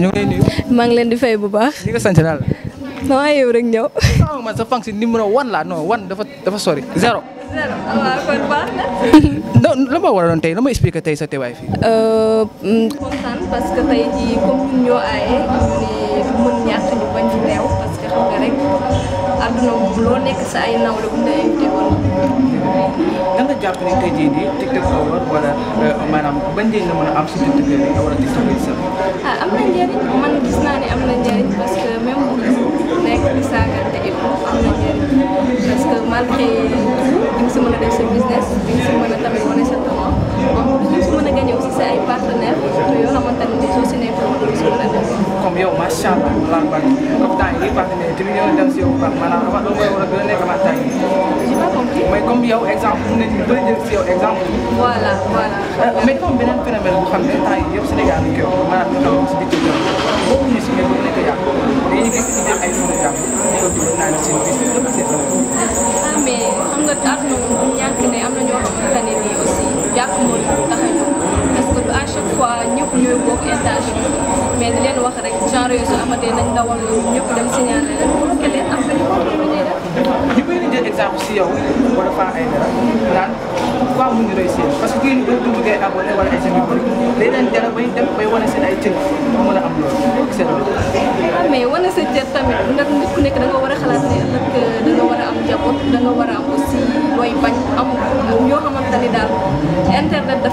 ñu maa ngi leen di fay bu baax. li nga sant daal. non yow rek ñëw. waaw ah, man sa fan si numéro one laa non one dafa dafa sori zéro. zéro waaw ah, kon baax na. la ma war tey la ma expliqué tey sa teewaay fii. Euh, mm, parce que tey jii comme ñoo aaye ñu ne mën ñu bañ parce que xam nga rek. àdduna loo nekk sa ay nawle bu ñu la invité woon. nan la jàpp ne tey jii nii TikTok Award wala euh, maanaam ban njëriñ la mën a am si TikTok bi wala TikTok bi sax. Ah, am na njëriñ man gis naa ne am na njëriñ parce que même bu nekk am na njëriñ yow macha allah laal ba comme temps yii passé ne te ñu dem si yow ba maanaam avant loolu mooy war a gën a nekk avantage bi. j'ai pas compris. mais comme yow exemple mun nañu bëri jël si yow exemple. voilà voilà. mais comme beneen phénomène bu xam ne temps yii yëpp Sénégal ñu koy wax maanaam ñu xaw si biir kër boobu ñu si nekk nekk yàqu dañuy nekk si jël ay suñu jàpp di ko dugal naan seen bis lépp seen xam nga àdduna moom ñàkk rek genre yooyu su amatee nañ dawal loolu ñëpp kalian apa leen bu ko leen am benn moom ñu ñuy def ñu bëri jël Pas si yow wala faa ay dara naan waaw mu ngi réussir parce que kii ñu doon dund ngay abonné wala ay seen yu bëri day leen dara bay dem bay wane seen ay cër ba